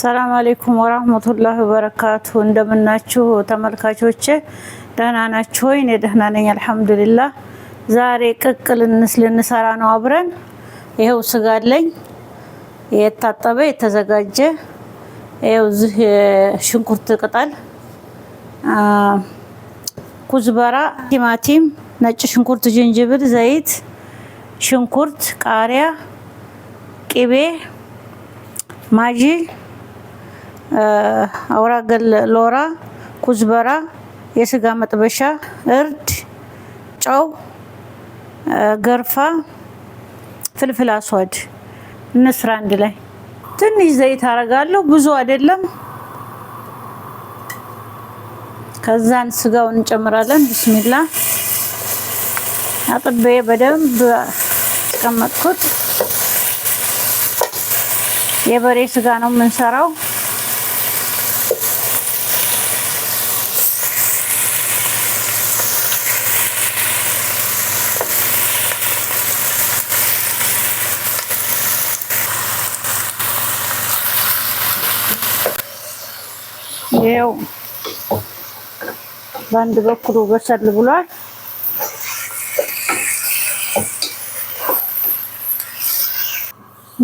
አሰላም አሌይኩም ወራህመቱላህ ወበረካቱ። እንደምናችሁ ተመልካቾች ደህና ናችሁ ወይ? እኔ ደህና ነኝ አልሐምዱሊላህ። ዛሬ ቅቅ ልንሰራ ነው አብረን። ይኸው ስጋ አለኝ የታጠበ የተዘጋጀ። ይኸው እዚህ ሽንኩርት ቅጠል፣ ኩዝበራ፣ ቲማቲም፣ ነጭ ሽንኩርት፣ ዝንጅብል፣ ዘይት፣ ሽንኩርት፣ ቃሪያ፣ ቂቤ ማጂ አውራገል ሎራ፣ ኩዝበራ፣ የስጋ መጥበሻ፣ እርድ፣ ጨው፣ ገርፋ፣ ፍልፍል አስዋድ እንስራ አንድ ላይ። ትንሽ ዘይት አረጋለሁ፣ ብዙ አይደለም። ከዛን ስጋውን እንጨምራለን። ብስሚላ አጥቤ በደንብ አስቀመጥኩት የበሬ ስጋ ነው የምንሰራው። ይሄው በአንድ በኩል በሰል ብሏል።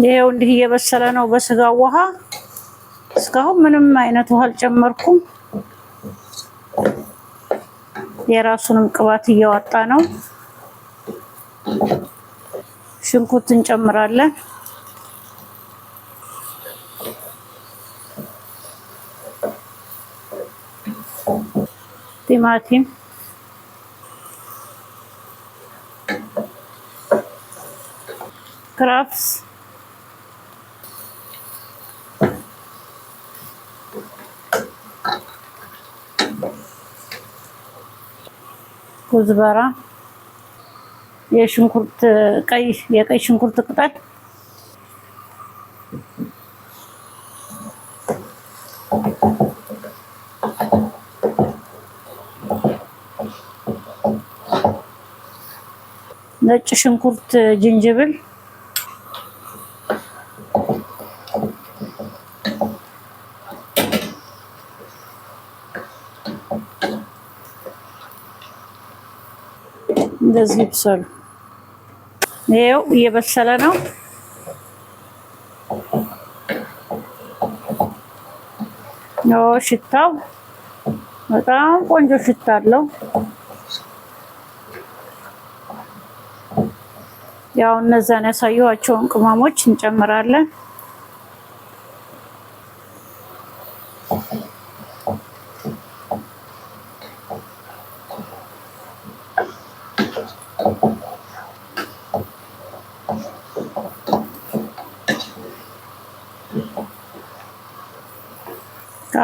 ይሄው እንዲህ እየበሰለ ነው። በስጋው ውሃ እስካሁን ምንም አይነት ውሃ አልጨመርኩም። የራሱንም ቅባት እያወጣ ነው። ሽንኩርት እንጨምራለን። ቲማቲም ክራፍስ ኩዝበራ የሽንኩርት ቀይ የቀይ ሽንኩርት ቅጠል ነጭ ሽንኩርት፣ ጅንጅብል እንደዚህ ይብሰሉ። ይሄው እየበሰለ ነው። ሽታው በጣም ቆንጆ ሽታ አለው። ያው እነዛን ያሳየኋቸውን ቅመሞች እንጨምራለን።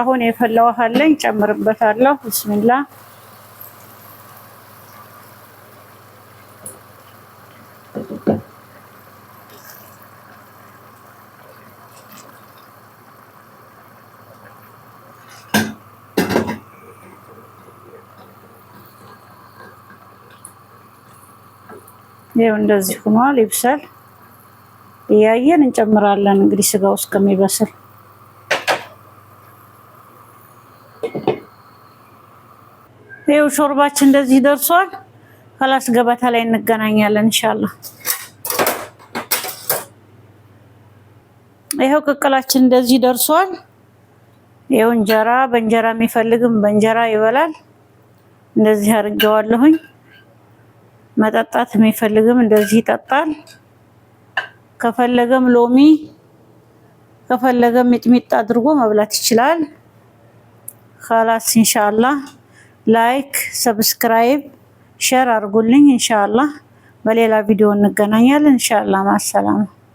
አሁን የፈላ ውሃ አለኝ ጨምርበታለሁ። ብስሚላ ይኸው እንደዚህ ሆኗል። ይብሳል እያየን እንጨምራለን እንግዲህ ስጋው እስከሚበስል ይኸው ሾርባችን እንደዚህ ደርሷል። ከላስ ገበታ ላይ እንገናኛለን ኢንሻአላህ። ይኸው ቅቅላችን እንደዚህ ደርሷል። ይኸው እንጀራ በእንጀራ የሚፈልግም በእንጀራ ይበላል። እንደዚህ አድርጌዋለሁኝ። መጠጣት የሚፈልግም እንደዚህ ይጠጣል። ከፈለገም ሎሚ ከፈለገም ሚጥሚጣ አድርጎ መብላት ይችላል። ካላስ ኢንሻአላ ላይክ፣ ሰብስክራይብ፣ ሼር አድርጉልኝ። እንሻላ በሌላ ቪዲዮ እንገናኛለን። ኢንሻአላ ማሰላማ